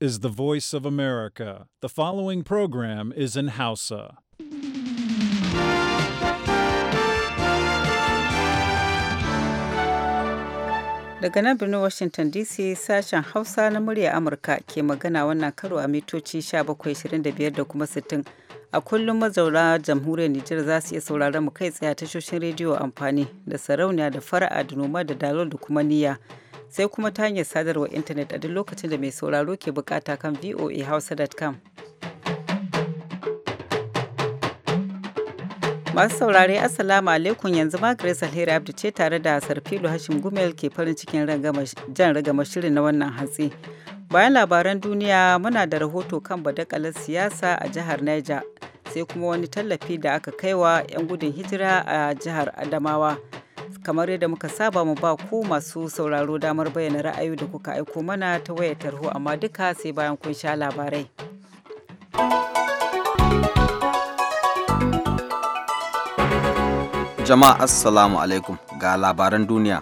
is the voice of America. The following program is in Hausa. Daga nan birnin Washington DC sashen Hausa na murya Amurka ke magana wannan karo a mitoci 1725 da kuma 60. A kullum mazauna jamhuriyar Nijar za su iya sauraron mu kai tsaye tashoshin rediyo amfani da sarauniya da fara'a da noma da dalol da kuma niyya. sai kuma ta hanyar sadarwar intanet a duk lokacin da mai sauraro ke bukata kan voahausa.com. masu saurare assalamu alaikum yanzu ma grace alheri abdu ce tare da sarfilu hashim gumel ke farin cikin jan ragama shirin na wannan hatsi bayan labaran duniya muna da rahoto kan badakalar siyasa a jihar niger sai kuma wani tallafi da aka kaiwa 'yan gudun hijira a jihar adamawa kamar yadda muka saba mu ba ku masu sauraro damar bayyana ra'ayi da kuka aiko mana ta wayar tarho amma duka sai bayan kun sha labarai. Jama'a Assalamu alaikum ga labaran duniya.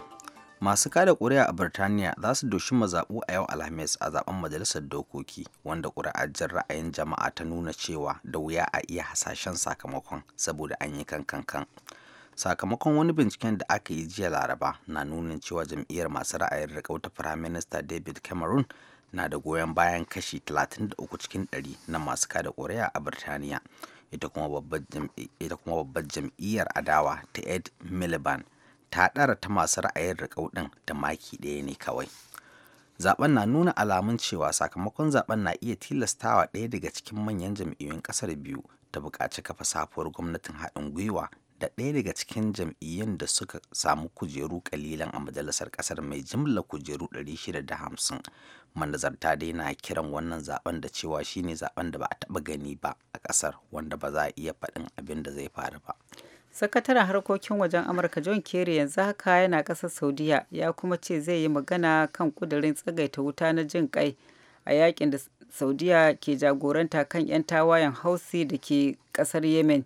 Masu kada ƙuri'a a Birtaniya za su doshi mazaɓu a yau Alhamis a zaben Majalisar Dokoki wanda ƙuri'ajjen ra'ayin jama'a ta nuna cewa da wuya a iya hasashen sakamakon saboda an yi kankan kan. sakamakon wani binciken da aka yi jiya laraba na nunin cewa jam'iyyar masu ra'ayin riƙau ta firaminista david cameron na da goyon bayan kashi 33 cikin 100 na masu kada ƙuri'a a birtaniya ita kuma babbar jam'iyyar adawa ta ed miliband ta ɗara ta masu ra'ayin rikau ɗin da maki ɗaya ne kawai zaben na nuna alamun cewa sakamakon zaben na iya tilastawa ɗaya daga cikin manyan jam'iyyun ƙasar biyu ta buƙaci kafa safuwar gwamnatin haɗin gwiwa da ɗaya daga cikin jam'iyyun da suka samu kujeru kalilan a majalisar ƙasar mai jimla kujeru 650 manazarta dai na kiran wannan zaben da cewa shine zaben da ba a taɓa gani ba a ƙasar wanda ba za a iya faɗin abin da zai faru ba sakataren harkokin wajen amurka john kerry yanzu haka yana ƙasar saudiya ya kuma ce zai yi magana kan kudirin tsagaita wuta na jin kai a yakin da saudiya ke jagoranta kan 'yan tawayen hausi da ke ƙasar yemen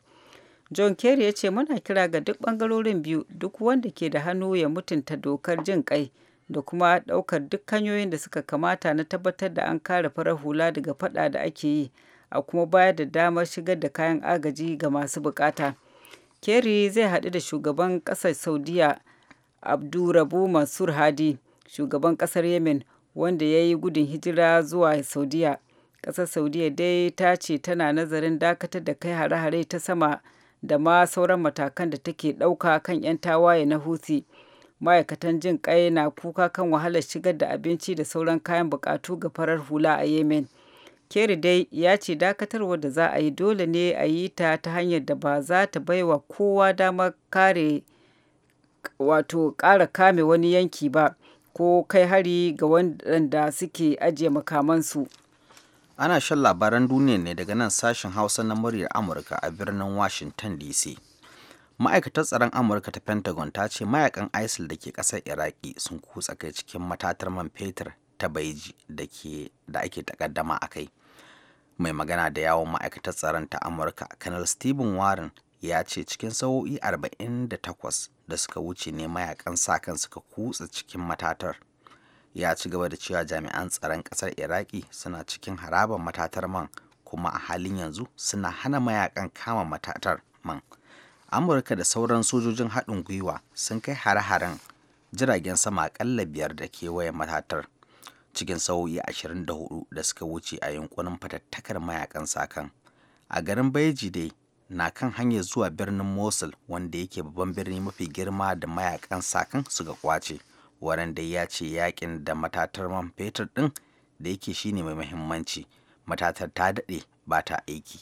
John Kerry ya ce muna kira ga duk bangarorin biyu duk wanda ke da hannu ya mutunta dokar jin kai da kuma ɗaukar duk hanyoyin da suka kamata na tabbatar da an kare farar hula daga fada da ake yi a kuma bayar da damar shigar da kayan agaji ga masu bukata. Kerry zai haɗu da shugaban ƙasar Saudiya Abdurabu Mansur Hadi, shugaban ƙasar Yemen wanda ya yi gudun hijira zuwa Saudiya. Ƙasar Saudiya dai ta ce tana nazarin dakatar da kai hare-hare ta sama da ma sauran matakan da take ɗauka kan 'yan tawaye na Houthi. Ma'aikatan jin ƙai na kuka kan wahalar shigar da abinci da sauran kayan buƙatu ga farar hula a Yemen. Kerry dai ya ce dakatarwar da za a yi dole ne a yi ta ta hanyar da ba za ta baiwa kowa damar kare wato ƙara kame wani yanki ba ko kai hari ga waɗanda suke ajiye makamansu. Ana shan labaran duniya ne daga nan sashen Hausa na muryar Amurka a birnin Washington DC. Ma'aikatar tsaron Amurka ta Pentagon ta ce mayakan ISIL da ke ƙasar Iraki sun kutsa kai cikin matatar man fetur ta Baiji da ake takaddama a kai. Mai magana da yawon ma'aikatar tsaron ta Amurka, Kanal Stephen Warren ya ce cikin sa'o'i 48 da suka wuce ne mayakan sa kan suka kutsa cikin matatar. ya ci gaba da cewa jami'an tsaron ƙasar iraki suna cikin harabar matatar man kuma a halin yanzu suna hana mayakan kama matatar man amurka da sauran sojojin haɗin gwiwa sun kai hare-haren jiragen sama akalla biyar da kewayen matatar cikin sauyi 24 da suka wuce a yankunan fatattakar mayakan sakan a garin baiji dai na kan hanyar zuwa birnin mosul wanda yake babban birni mafi girma da mayakan sakan suka kwace waran dai ya ce yakin da matatar man fetur ɗin da yake shine mai muhimmanci matatar ta daɗe ba ta aiki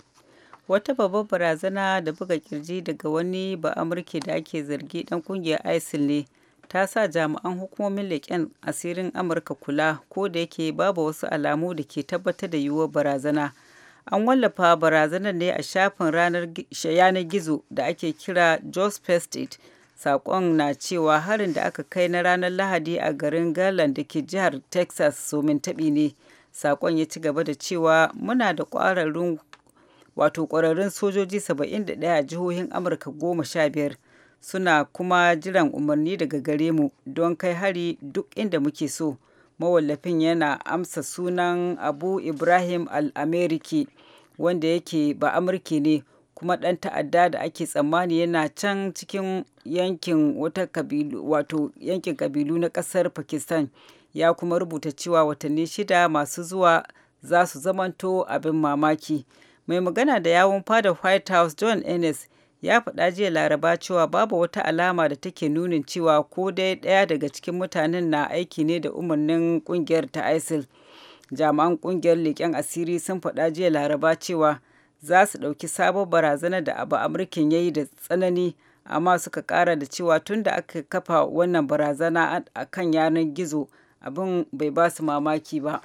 wata babbar barazana da buga kirji daga wani ba amurke da ake zargi dan kungiyar isil ne ta sa jami'an hukumomin leƙen asirin amurka kula ko da yake babu wasu alamu da ke tabbatar da yiwuwar barazana an wallafa barazanar ne a shafin yanar gizo da ake kira jos jospestate Saƙon na cewa harin da aka kai na ranar Lahadi a garin Garland da ke jihar Texas somin taɓi ne. sakon ya ci gaba da cewa muna da ƙwararrun wato ƙwararrun sojoji 71 a jihohin Amurka goma sha biyar suna kuma jiran umarni daga gare mu don kai hari duk inda muke so. Mawallafin yana amsa sunan Abu Ibrahim Al-Ameriki wanda yake ba Amurki ne. kuma ɗan ta'adda da ake tsammani yana can cikin yankin wata kabilu wato yankin kabilu na ƙasar pakistan ya kuma rubuta cewa watanni shida masu zuwa za su zamanto abin mamaki mai magana da yawon fada white house john ennis ya faɗa jiya laraba cewa babu wata alama da take nunin cewa ko dai ɗaya daga cikin mutanen na aiki ne da umarnin ƙungiyar ta isil jami'an ƙungiyar leƙen asiri sun faɗa jiya laraba cewa za su ɗauki sabon barazanar da abu amurkin ya yi da tsanani amma suka ƙara da cewa tun da aka kafa wannan barazana a kan yanar gizo abin bai ba su mamaki ba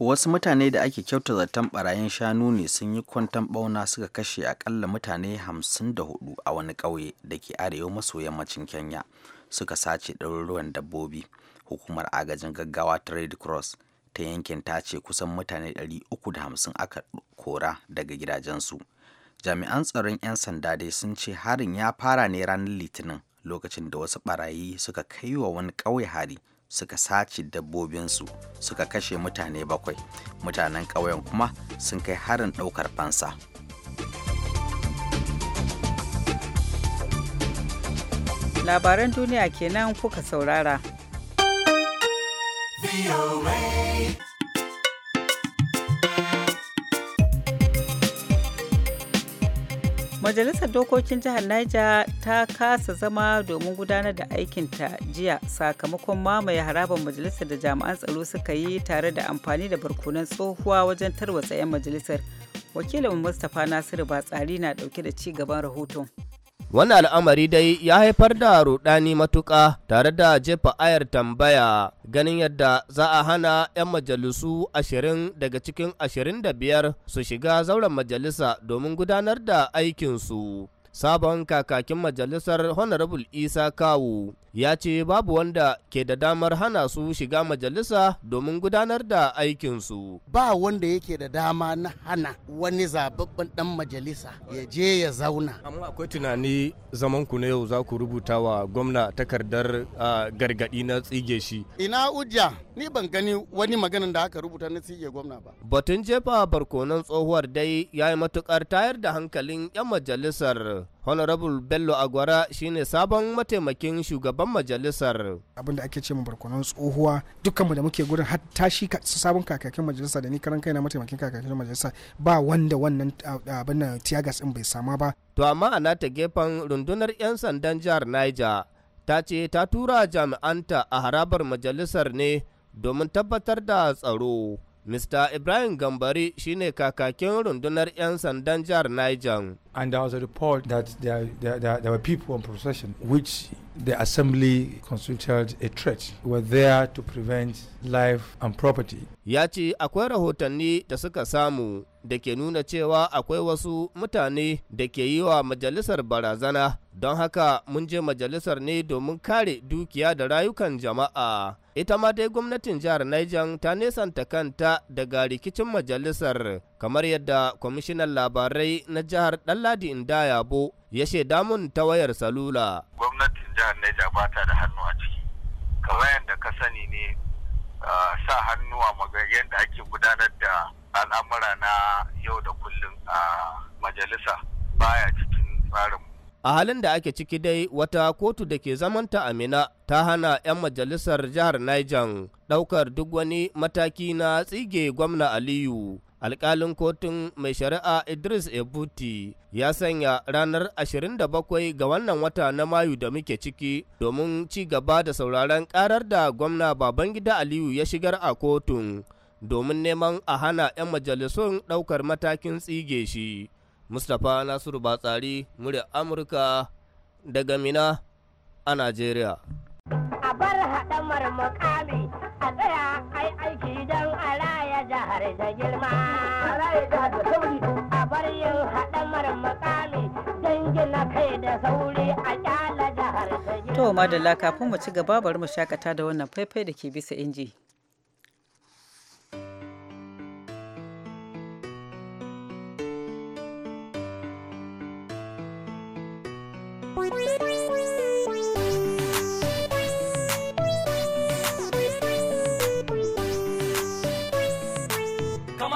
wasu mutane da ake kyauta zaton barayin shanu ne sun yi kwantan bauna suka kashe akalla mutane 54 a wani ƙauye da ke arewa maso yammacin kenya suka sace ɗaruruwan dabbobi hukumar agajin gaggawa ta red cross ta yankin ta ce kusan mutane 350 aka kora daga gidajensu jami'an tsaron 'yan sanda dai sun ce harin ya fara ne ranar litinin lokacin da wasu barayi suka kai wa wani ƙauye hari suka sace dabbobinsu suka kashe mutane bakwai mutanen ƙauyen kuma sun kai harin ɗaukar fansa labaran duniya kenan kuka saurara Majalisar Dokokin Jihar Niger ta kasa zama domin gudanar da aikinta jiya sakamakon mamaye harabar majalisar da jami'an tsaro suka yi tare da amfani da barkunan tsohuwa wajen tarwatsa 'yan majalisar. Wakilin Mustapha Nasiru Batsari na dauke da ci gaban rahoton. Wani al'amari dai ya haifar da rudani matuƙa tare da jefa ayar tambaya ganin yadda za a hana 'yan majalisu ashirin daga cikin ashirin da biyar su shiga zauren majalisa domin gudanar da aikinsu. Sabon kakakin majalisar Honorable Isa Kawu ya ce babu wanda ke da damar hana su shiga majalisa domin gudanar da aikinsu. Ba wanda yake da dama na hana wani zababben dan majalisa ya je ya zauna. Amma akwai tunani zaman ku na yau za ku rubuta wa gwamna takardar gargadi na tsige shi. Ina ujja ni ban gani wani maganin da aka rubuta na tsige gwamna ba. Batun jefa barkonon tsohuwar dai ya yi matukar tayar da hankalin 'yan majalisar honorable bello agwara shine sabon mataimakin shugaban majalisar abin da ake ce mu barkonon tsohuwa dukkanmu da muke gurin har tashi sabon kakakin majalisa da ni karan kaina mataimakin kakakin majalisa ba wanda wannan abin nan tiyagas din bai sama ba to amma a nata gefen rundunar yan sandan jihar niger ta ce ta tura jami'anta a harabar majalisar ne domin tabbatar da tsaro Mr. Ibrahim Gambari shine kakakin rundunar 'yan sandan jihar Niger. And there was a report that there, there, there, there were people on procession which the assembly constituted a threat. were there to prevent life and property. Ya ce akwai rahotanni da suka samu da ke nuna cewa akwai wasu mutane da ke yi wa majalisar barazana don haka mun je majalisar ne domin kare dukiya da rayukan jama'a ita ma dai gwamnatin jihar Niger ta nesanta kanta daga rikicin majalisar kamar yadda kwamishinan labarai na jihar Ɗanladi yabo ya shaida mun ta wayar salula gwamnatin jihar Niger ba ta da hannu a ciki kamar da ka sani ne sa hannu a da ake gudanar da al'amura na yau da kullum a majalisa baya cikin tsarin a halin da ake ciki dai wata kotu da ke zamanta amina ta hana 'yan majalisar jihar niger ɗaukar duk wani mataki na tsige gwamna aliyu alkalin kotun mai shari'a idris ebuti ya sanya ranar 27 ga wannan wata na mayu da muke ciki domin ci gaba da sauraron karar da gwamna babangida aliyu ya shigar a kotun domin neman a hana 'yan majalisun ɗaukar matakin tsige shi mustapha nasiru batsari murya amurka daga mina a najeriya a bar haɗamar mukami a tsaya ai aiki don araya raya jihar da girma a bar yin haɗamar mukami don gina kai da sauri a kyala jihar da girma to madalla kafin mu ci gaba bari mu shakata da wannan faifai da ke bisa inji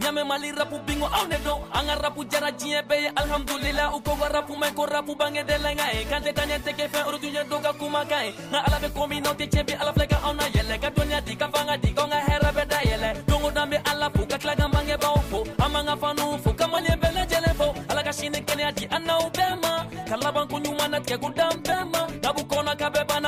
ɲamɛ mali rapu bingo aw oh, ne don an ka rapu jara diɲɛ bɛɛ ye alhamdulila u ko ka rapu mɛn ko rapu bangedɛlɛ oh, ka ye kan tɛ taɲɛ tɛ kɛ fɛn orodu ye dɔ ka kuma ka ye nka ala bɛ ko min n'aw tɛ tiɲɛ bi ala filɛ ka anw na yɛlɛ ka dɔnniya di ka fanga di k'anw ka hɛrɛ bɛ da yɛlɛ don o don an bɛ ala fo ka tila ka bangebaaw fo an b'an ka fanuw fo ka maliyɛn bɛɛ lajɛlen fo ala ka sini kɛnɛya di an n'aw bɛɛ ma ka laban ko ɲuman natigɛ ko dan bɛɛ ma kabu kɔnɔ ka bɛɛ banna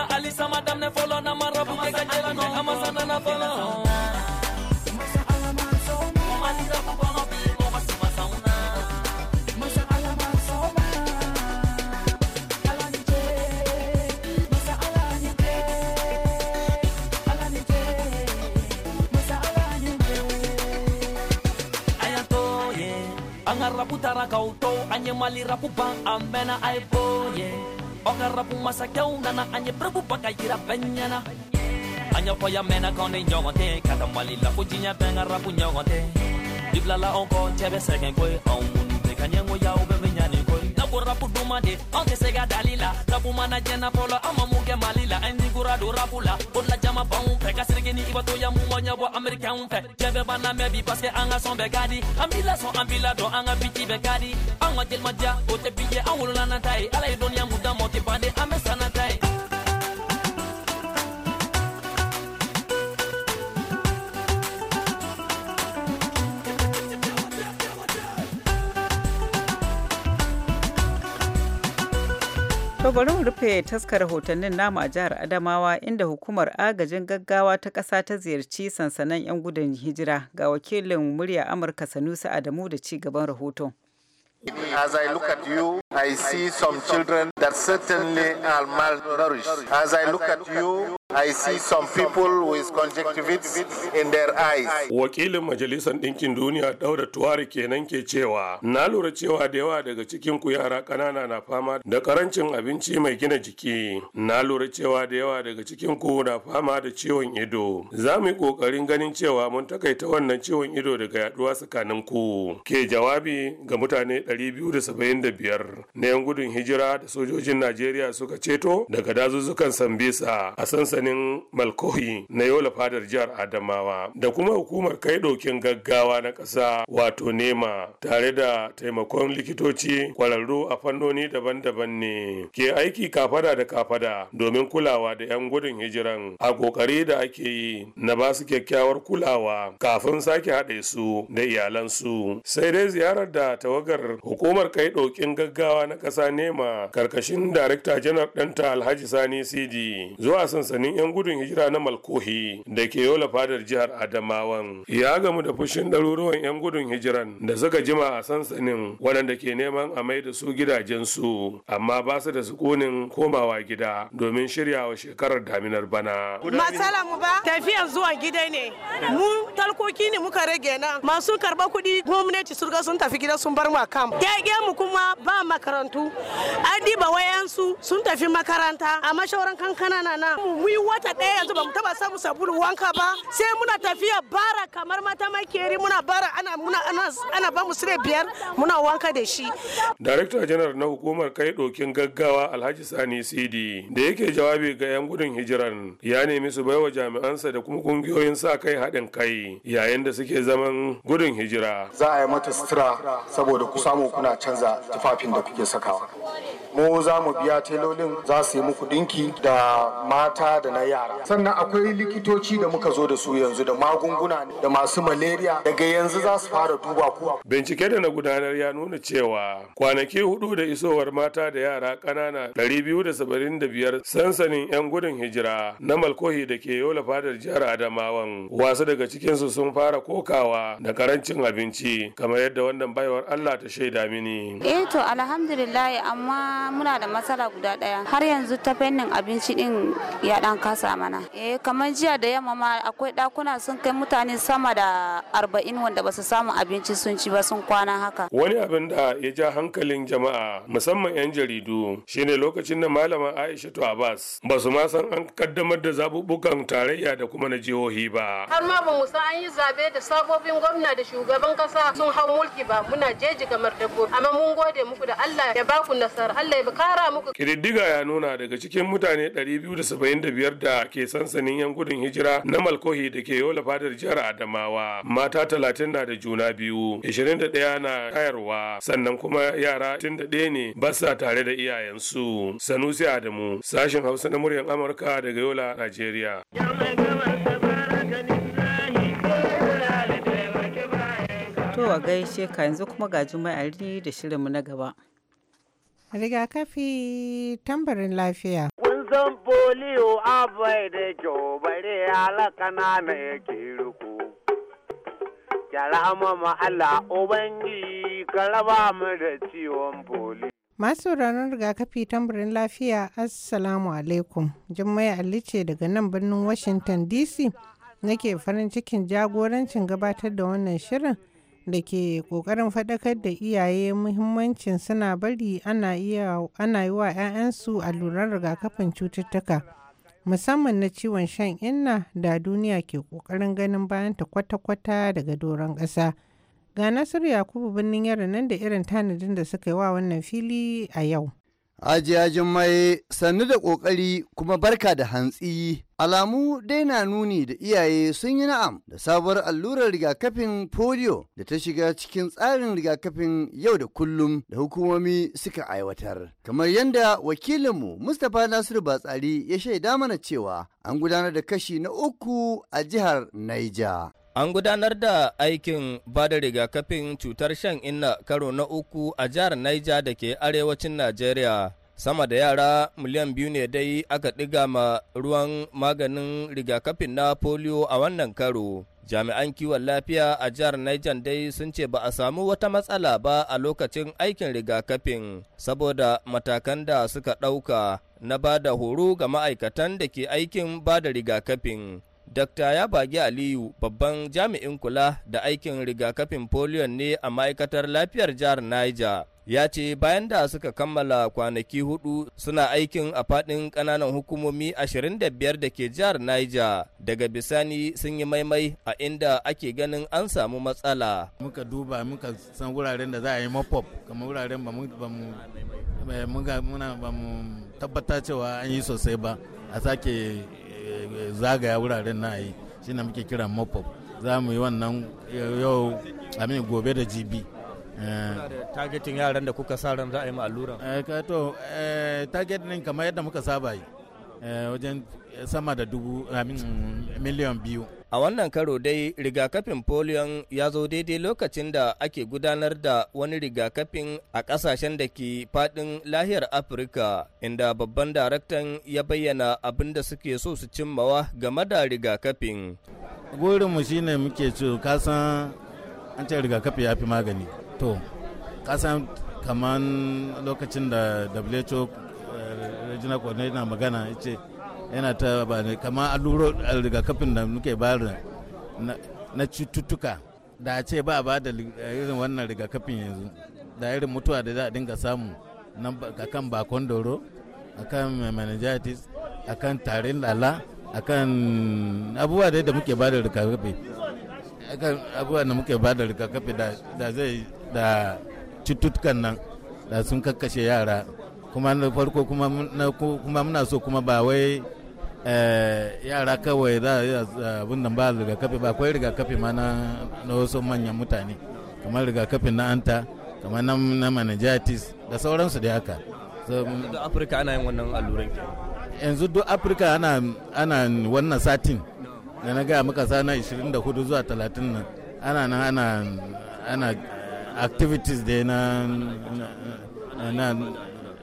anga rapu tara kauto anye malira rapu amena aipo ye anga rapu masakau nana anye prabu pakayira benyana anya poya mena kone nyogon te kata mali kujinya benga rapu nyogon te la onko chebe segen kwe au ya ubeme ko rapu duma de an tɛ se ka dali la rapu mana jɛna fɔlɔ an ma mun kɛ mali la an jama banw fɛ ka siriki ni ibatoya mun ma ɲɛbɔ unfe. fɛ bana mebi paske anga ka sɔn bɛɛ ka di an b'i lasɔn an b'i ladɔn an ka biti bɛɛ ka di an ka jelimaja o tɛ bi ye ala ye dɔnniya mun d'an ma o To bari mu rufe taskar rahotannin namu a jihar Adamawa inda hukumar agajin gaggawa ta ƙasa ta ziyarci sansanin 'yan gudun hijira ga wakilin murya Amurka Sanusi Adamu da ci gaban rahoton. As I look at you, I see some children that certainly are malnourished. As I look at you, I see some people with conjunctivitis in their eyes. Wakilin Majalisar Ɗinkin Duniya Daura Tuwari kenan ke cewa, na lura cewa da yawa daga cikin ku yara ƙanana na fama da karancin abinci mai gina jiki. Na lura cewa da yawa daga cikin ku na fama da ciwon ido. Za mu yi ƙoƙarin ganin cewa mun takaita wannan ciwon ido daga yaduwa tsakanin ku. Ke jawabi ga mutane 275 na 'yan gudun hijira da sojojin Najeriya suka ceto daga dazuzzukan Sambisa a sansa sansanin malkohi na yola fadar jihar adamawa da kuma hukumar kai gaggawa na ƙasa wato nema tare da taimakon likitoci kwararru a fannoni daban-daban ne ke aiki kafada da kafada domin kulawa da 'yan gudun hijiran a kokari da ake yi na ba su kyakkyawar kulawa kafin sake haɗe su da iyalansu sai dai ziyarar da tawagar hukumar kai gaggawa na ƙasa nema karkashin darakta janar ɗanta alhaji sani sidi zuwa sansanin sansanin 'yan gudun hijira na Malkohi da ke yola fadar jihar Adamawan. Ya gamu da fushin ɗaruruwan 'yan gudun hijiran da suka jima a sansanin waɗanda ke neman a mai da su gidajensu amma ba su da sukunin komawa gida domin shiryawa shekarar daminar bana. Matsala mu ba tafiya zuwa gida ne. Mu talkoki ne muka rage nan masu karɓa kuɗi gwamnati sun sun tafi gida sun bar mu a kam. mu kuma ba makarantu. An diba wayansu sun tafi makaranta amma shauran kankana na na mu yi wata ɗaya yanzu ba mu taba samu sabulu wanka ba sai muna tafiya bara kamar mata makeri muna bara ana muna ana ana ba mu sire biyar muna wanka da shi director general na hukumar kai dokin gaggawa Alhaji Sani CD, da yake jawabi ga yan gudun hijiran ya nemi su baiwa jami'ansa da kuma kungiyoyin sa kai haɗin kai yayin da suke zaman gudun hijira za a yi mata sutura saboda ku samu kuna canza tufafin da kuke sakawa mu za mu biya telolin za su yi muku dinki da mata da na yara sannan akwai likitoci da muka zo da su yanzu da magunguna da masu malaria daga yanzu za su fara duba ku bincike da na gudanar ya nuna cewa kwanaki hudu da isowar mata da yara ƙanana 275 sansanin 'yan gudun hijira na malkohi da ke yola fadar jihar adamawan wasu daga cikinsu sun fara kokawa da karancin abinci kamar yadda wannan baiwar allah ta shaida mini eh to alhamdulillah amma muna da matsala guda daya har yanzu ta fannin abinci din ya dan kasa mana eh kamar jiya da yamma ma akwai dakuna sun kai mutane sama da arba'in wanda ba samu abinci sun ci ba sun kwana haka wani abin da ya ja hankalin jama'a musamman yan jaridu shine lokacin da malama aishatu abbas basu su ma san an kaddamar da zabubukan tarayya da kuma na jihohi ba har ma ba musa an yi zabe da sabobin gwamna da shugaban kasa sun hau mulki ba muna jeji kamar dabbobi amma mun gode muku da Allah ya baku nasara zai kara muku. Kididdiga ya nuna daga cikin mutane 275 da ke sansanin yan gudun hijira na Malkohi da ke yola fadar jihar Adamawa. Mata 30 na da juna biyu, 21 na kayarwa, sannan kuma yara 61 ne basa tare da iyayensu. Sanusi Adamu, sashen Hausa na muryar Amurka daga Yola, Najeriya. To a gaishe ka yanzu kuma ga Juma'ar da shirinmu na gaba. Rigakafi tambarin lafiya. Kunzan polio abai da kyau bare alaka na yake ruku. Kyara mama Allah obangi ka ba mu da ciwon polio. Masu ranar rigakafi tambarin lafiya Assalamu alaikum. Jummai Ali ce daga nan birnin Washington DC nake farin cikin jagorancin gabatar da wannan shirin. da ke ƙoƙarin faɗakar da iyaye muhimmancin suna bari ana yi wa 'ya'yansu alluran rigakafin cututtuka musamman na ciwon shan inna da duniya ke ƙoƙarin ganin bayan ta kwata-kwata daga doron ƙasa ga nasiru yakubu birnin yara nan da irin tanadin da suka yi wa wannan fili a yau Ajiya Jummai sannu da ƙoƙari kuma barka da hantsi. Alamu dai na nuni da iyaye sun yi na'am da sabuwar allurar rigakafin polio da ta shiga cikin tsarin rigakafin yau da kullum da hukumomi suka aiwatar. Kamar yadda wakilinmu Mustapha Nasiru Batsari ya shaida mana cewa an gudanar da kashi na uku a jihar Niger. An gudanar da aikin ba da rigakafin cutar shan inna karo na uku a jihar Naija da ke arewacin Najeriya. Sama da yara miliyan biyu ne dai aka ɗiga ma ruwan maganin rigakafin na polio a wannan karo. Jami'an kiwon lafiya a jihar Niger dai sun ce ba a samu wata matsala ba a lokacin aikin rigakafin saboda matakan da suka ɗauka na ba da horo ga ma'aikatan da ke aikin ba da rigakafin. Dr. Yabagi Aliyu babban jami'in kula da aikin rigakafin polio ne a ma'aikatar lafiyar jihar Niger. Ya ce bayan da suka kammala kwanaki hudu suna aikin a faɗin ƙananan hukumomi 25 da ke jihar Niger daga bisani sun yi maimai a inda ake ganin an samu matsala. Muka duba muka san wuraren da za a yi mop kamar wuraren eh, ba mu tabbata cewa an yi sosai ba a sake zagaya wuraren na yi shi na muke kira Mopop za mu yi wannan yau amin gobe da jibi eh, targetin yaran da kuka sa ran za a yi allura eh, to eh, target din kamar yadda muka saba yi wajen sama da dubu miliyan biyu A wannan karo dai rigakafin polion ya zo daidai lokacin da ake gudanar da wani rigakafin a kasashen da ke fadin lahiyar Afirka, inda babban daraktan ya bayyana abin da suke so su cimmawa game da rigakafin. Gurinmu shine muke ce kasan an ce rigakafi ya fi magani. To, kasan kaman lokacin da WHO eh, Regional Coordinator magana ya yana ta ba ne kamar alluro rigakafin da muke bayar na cututtuka da a ce ba ba da eh, irin wannan rigakafin yanzu da irin mutuwa da za a dinga samu a kan bakon doro a kan meningitis a kan tarin lala a kan abubuwa da muke ba da rigakafi a kan abubuwa da muke ba da rigakafi da zai da cututtukan nan da sun kakkashe yara kuma na farko kuma muna so kuma ba wai Eh, yara kawai za a abin da ba rigakafi ba akwai rigakafi ma na wasu manyan mutane kamar rigakafin na anta kamar na meningitis da sauransu da haka duk afirka ana yin wannan alluran yanzu duk afirka ana wannan satin da na gaya maka sana 24 zuwa 30 nan ana nan ana ana activities da na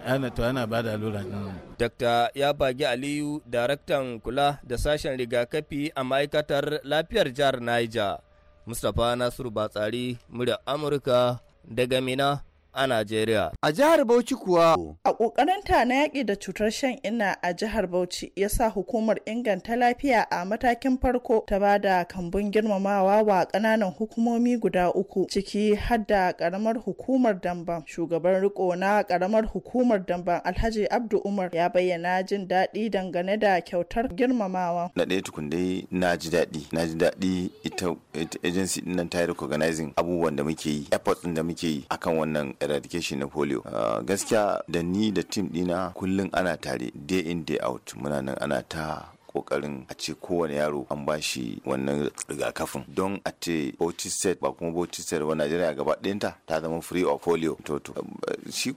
ana to ana ba da allura mm. Dokta ya bagi Aliyu daraktan kula da sashen rigakafi a ma'aikatar lafiyar jihar Niger. Mustapha Nasiru Batsari, murya Amurka daga Mina a Najeriya. A jihar Bauchi kuwa. A ƙoƙarinta na yaƙi da cutar shan ina a jihar Bauchi ya sa hukumar inganta lafiya a matakin farko ta ba da kambun girmamawa wa ƙananan hukumomi guda uku ciki har da ƙaramar hukumar Damban. Shugaban riko na ƙaramar hukumar Damban Alhaji Abdu Umar ya bayyana jin daɗi dangane da kyautar girmamawa. Na ɗaya tukun dai na ji daɗi, na ji daɗi ita agency ɗin nan ta yi recognizing abubuwan da muke yi, efforts da muke yi akan wannan eradication na polio ah, gaskiya da ni da tim dina kullum ana tare day in day out muna nan ana ta kokarin a ce kowane yaro an ba shi wannan rigakafin don a ce bauchi ba kuma bauchi ba najeriya gaba ɗinta ta zama free of polio toto um, eh, shi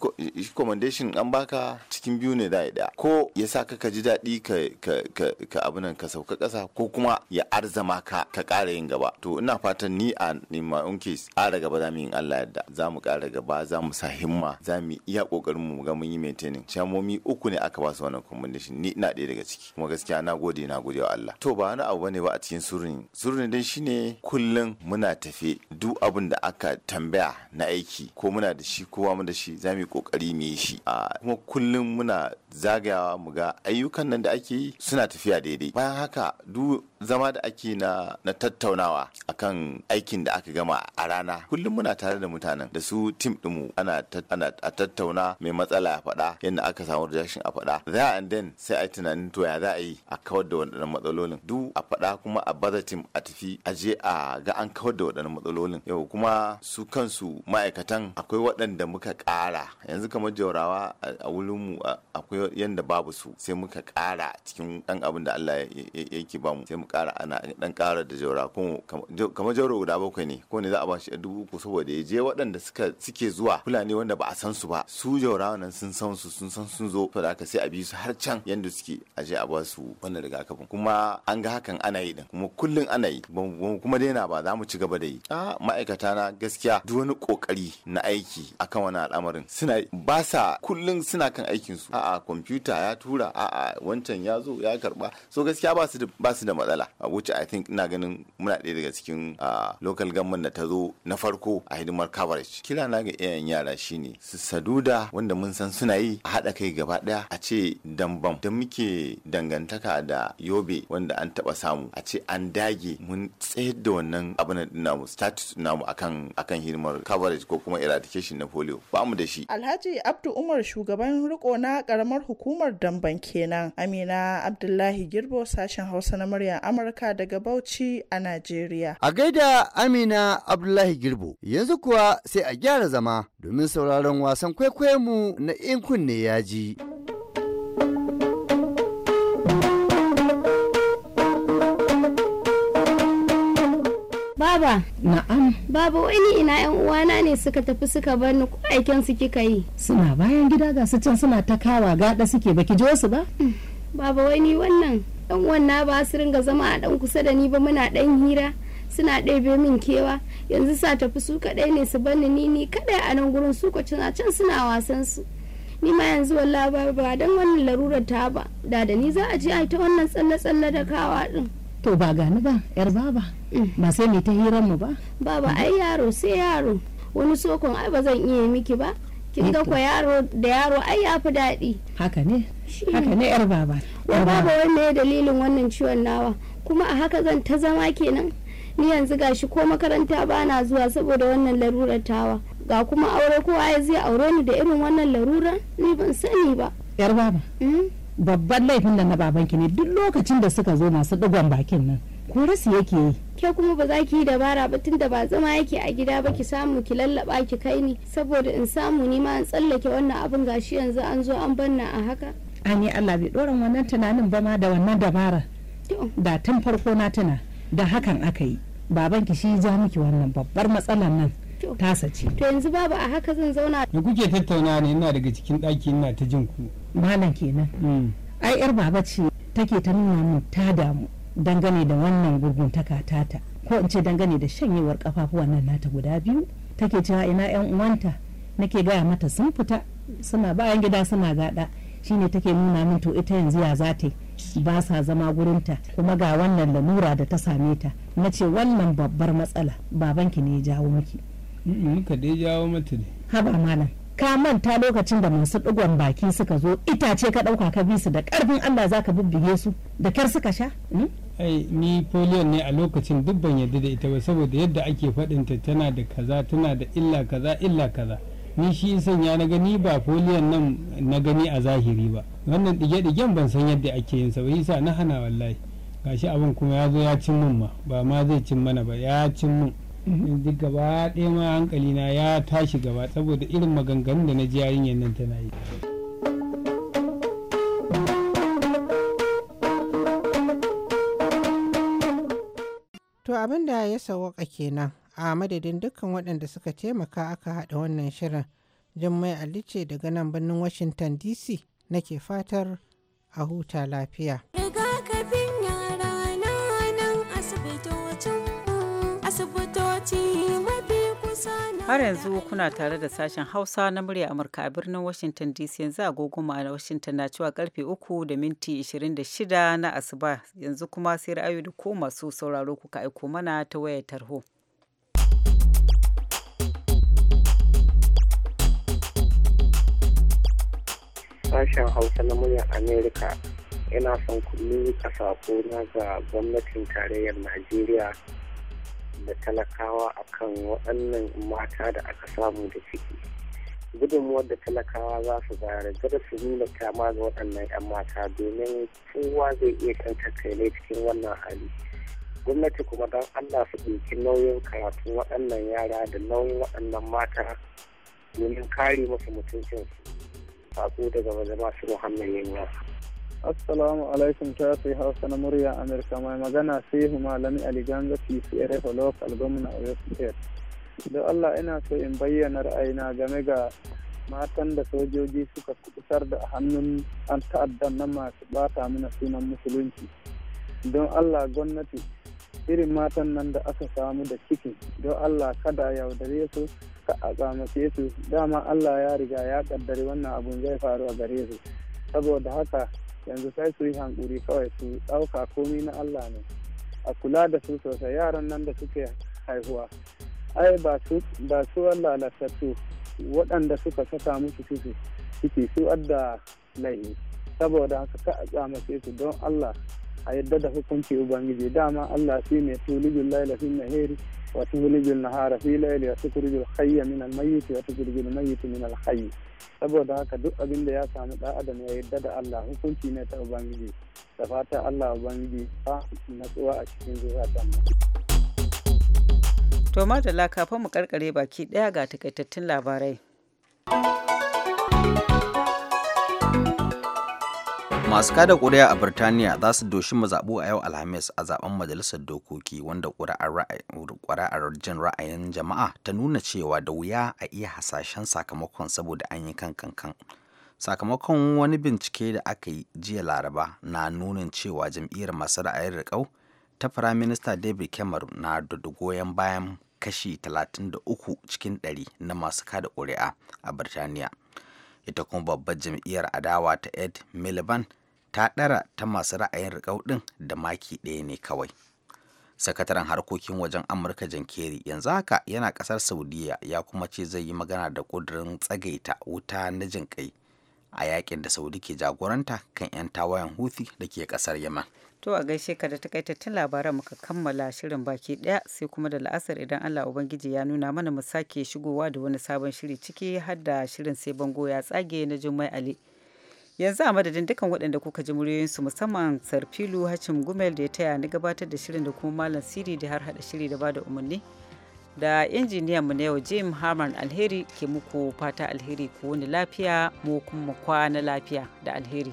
commendation an baka cikin biyu ne da ya ko ya sa ka ka ji daɗi ka abu nan ka sauka ƙasa ko kuma ya arzama ka ka ƙara yin gaba to ina fatan ni a nima unke ƙara gaba za mu yin allah yadda za mu ƙara gaba za mu sa himma za mu iya ƙoƙarin mu ga mun yi maintaining shamomi uku ne aka ba su wannan commendation ni ina ɗaya daga ciki kuma gaskiya na gode gode na gode wa Allah to ba wani abu bane ba a cikin surni surni din shine kullun muna tafe duk abin da aka tambaya na aiki ko muna da shi kowa mu da shi za mu yi kokari mu yi shi kuma kullun muna zagayawa mu ga ayyukan nan da ake yi suna tafiya daidai bayan haka duk zama da ake na, na tattaunawa akan aikin da aka gama a rana kullum muna tare da mutanen da su tim dinmu ana, ana a tattauna mai matsala ya faɗa yadda aka samu rajashin a faɗa za a then sai a yi tunanin to ya za a yi a kawai kawar da waɗannan matsalolin duk a faɗa kuma a bazatim a tafi a je a ga an kawar da waɗannan matsalolin yau kuma su kansu ma'aikatan akwai waɗanda muka ƙara yanzu kamar jaurawa a wurinmu akwai yanda babu su sai muka ƙara cikin ɗan abin da Allah yake bamu sai mu ƙara ana ɗan ƙara da jaura kamar jauro guda bakwai ne ko ne za a ba shi dubu uku saboda ya je waɗanda suka suke zuwa fulani wanda ba a san su ba su jaurawa nan sun san su sun san sun zo to da sai a bi su har can yanda suke a je a ba su wannan rigakafin kuma an ga hakan ana yi din kuma kullun ana yi kuma daina ba za mu ci gaba da yi a ma'aikata na gaskiya duk wani kokari na aiki akan wani al'amarin suna ba sa kullun suna kan aikin su a'a kwamfuta ya tura a'a wancan ya zo ya karba so gaskiya ba su da ba su da matsala wuce i think ina ganin muna ɗaya daga cikin local government da ta zo na farko a hidimar coverage kira na ga iyayen yara shine su saduda wanda mun san suna yi a haɗa kai gaba ɗaya a ce dambam da muke dangantaka da yobe wanda an taba samu a ce an dage mun tsayar da wannan abin namu status namu akan akan hidimar coverage ko kuma eradication na polio ba mu da shi alhaji abdu umar shugaban riko na karamar hukumar damban kenan amina abdullahi girbo sashen hausa na murya amurka daga bauchi a najeriya a gaida amina abdullahi girbo yanzu kuwa sai a gyara zama domin sauraron wasan kwaikwayonmu na in kunne ya ji. baba na'am baba wani ina yan uwana ne suka tafi suka bar ni ko aikin su kika yi suna bayan gida ga su can suna ta kawa gada suke baki jo su ba mm. baba wani wannan dan wanna ba su ringa zama a dan kusa da ni ba muna ɗan hira suna ɗebe min kewa yanzu sa tafi su kaɗai ne su bani ni ni kaɗai a nan gurin su can a can suna wasan su ni ma yanzu wallahi ba don wannan larurar ta ba da da ni za a je a ta wannan tsalle-tsalle da kawa din to ba gani ba yar baba eh. ba sai mai ta hirar mu ba baba ai yaro sai yaro wani sokon ai ba zan iya miki ba kin ga eh, ko yaro da yaro ai ya fi daɗi haka ne haka ne yar baba yar baba wanda ya dalilin wannan ciwon nawa kuma a haka zan ta zama kenan ni yanzu gashi ko makaranta bana zuwa saboda wannan larurar tawa ga kuma aure kowa ya zai aure ni da irin wannan larurar ni ban sani ba yar baba hmm? babban laifin da na babanki ne duk lokacin da suka zo masu digon bakin nan ko rasu yake yi ke kuma ba za ki yi dabara ba tun da ba zama yake a gida ba ki samu ki lallaba ki kai ni saboda in samu ni ma in tsallake wannan abin gashi yanzu an zo an banna a haka ani Allah bai doran wannan tunanin ba ma da wannan dabara da tun farko na tuna da hakan aka yi babanki shi ya ja miki wannan babbar matsalar nan tasa ce to yanzu babu a haka zan zauna da kuke tattauna ne ina daga cikin ɗaki ina ta jin ku malam kenan hmm. ai yar baba ce take ta nuna min ta damu dangane da wannan gurguntaka tata ko in ce dangane da shanyewar kafafuwa nan nata guda biyu take cewa ina yan uwanta nake gaya mata sun fita suna bayan gida suna gada shine take nuna min to ita yanzu ya za ta ba sa zama gurinta kuma ga wannan lalura da ta same ta na ce wannan babbar matsala babanki ne ya jawo miki muka dai jawo mata ne haba malam ka manta lokacin da masu ɗigon baki suka zo itace ka ɗauka ka bi su da ƙarfin Allah za ka bibbige su da kyar suka sha hmm? ai ni polio ne a lokacin duk ban yadda da ita ba saboda yadda ake faɗinta tana da kaza tana da illa kaza illa kaza ni shi sanya na gani ba foliyon nan na gani a zahiri ba wannan ɗige-ɗigen ban san yadda ake yin sa ba yasa na hana wallahi gashi abin kuma ya zo ya cin mun ma ba ma zai cin mana ba ya cin mun yanzu gaba ɗaya ma hankali na ya tashi gaba saboda irin maganganun da na ji yarinyar nan tana yi to abin da ya sawaka kenan a madadin dukkan waɗanda suka taimaka aka haɗa wannan shirin jummai alice daga nan birnin washington dc nake fatar a huta lafiya. Har yanzu kuna tare da sashen Hausa na murya Amurka a birnin Washington DC yanzu agogoma a Washington na cewa karfe 3 da minti 26 na asuba yanzu kuma sai ra'ayoyi da ko masu sauraro kuka aiko mana ta wayar tarho. Sashen Hausa na murya Amerika yana son kullum kasafo na ga gwamnatin tarayyar Najeriya da talakawa akan waɗannan mata da aka samu da ciki gudunmuwar da talakawa za su bayar gada su nuna kama ga waɗannan 'yan mata domin kowa zai iya kan kai cikin wannan hali gwamnati kuma don allah su ɗauki nauyin karatun waɗannan yara da nauyin waɗannan mata domin kare masu mutuncinsu faɗo daga wajen masu muhammadu yin Assalamu alaikum ta fi Hausa na murya Amurka mai magana sai malami Ali Ganga PCRF local gwamna Oyo State. Don Allah ina so in bayyana ra'ayina game ga matan da sojoji suka kusar da hannun an ta'addan na masu bata mana sunan musulunci. Don Allah gwamnati irin matan nan da aka samu da ciki don Allah kada yaudare su ka a tsamace su dama Allah ya riga ya kaddare wannan abun zai faru a gare su saboda haka yanzu sai su yi hankuri kawai su ɗauka komi na Allah ne a kula da su sosai yaran nan da suke haihuwa ai ba su ba su waɗanda suka saka musu kifi ciki su adda laihi saboda haka ka a tsamace su don Allah a yadda da hukunci ubangiji dama Allah shi ne tulijin laila fi nahari wa tulijin nahara fi laili wa tukurijin hayya min al-mayyit wa tukurijin mayyit min al-hayy saboda haka duk abin da ya samu da adam ya yarda da Allah hukunci ne ta ubangiji da fata Allah ubangiji ba natsuwa a cikin zuciyarta to madalla kafin mu karkare baki daya ga takaitattun labarai masu kada ƙuri'a a birtaniya za su doshi mazaɓu a yau alhamis a zaben majalisar dokoki wanda ƙuri'ar jin ra'ayin jama'a ta nuna cewa da wuya a iya hasashen sakamakon saboda an yi kan kankan sakamakon wani bincike da aka yi jiya laraba na nunin cewa jam'iyyar masu ra'ayin riƙau ta firaminista david cameron na da goyon bayan kashi 33 cikin 100 na masu kada ƙuri'a a birtaniya ita kuma babbar jam'iyyar adawa ta ed miliband ta ɗara ta masu ra'ayin rikau ɗin da maki ɗaya ne kawai. Sakataren harkokin wajen Amurka jan Kerry yanzu haka yana ƙasar Saudiya ya kuma ce zai yi magana da ƙudurin tsagaita wuta na jin kai a yakin da Saudi ke jagoranta kan 'yan tawayen Houthi da ke ƙasar yaman To a gaishe ka da takaitattun labaran muka kammala shirin baki ɗaya sai kuma da la'asar idan Allah Ubangiji ya nuna mana mu sake shigowa da wani sabon shiri ciki har da shirin sai bango ya tsage na Jummai Ali. yanzu a madadin dukkan waɗanda kuka ji muryoyinsu musamman sarfilu hacin gumel da ya taya ni gabatar da shirin da kuma malam siri da har hada shiri da ba da umarni da injiniyan mu na yau jim harman alheri ke muku fata alheri ko wani lafiya mu kuma kwana lafiya da alheri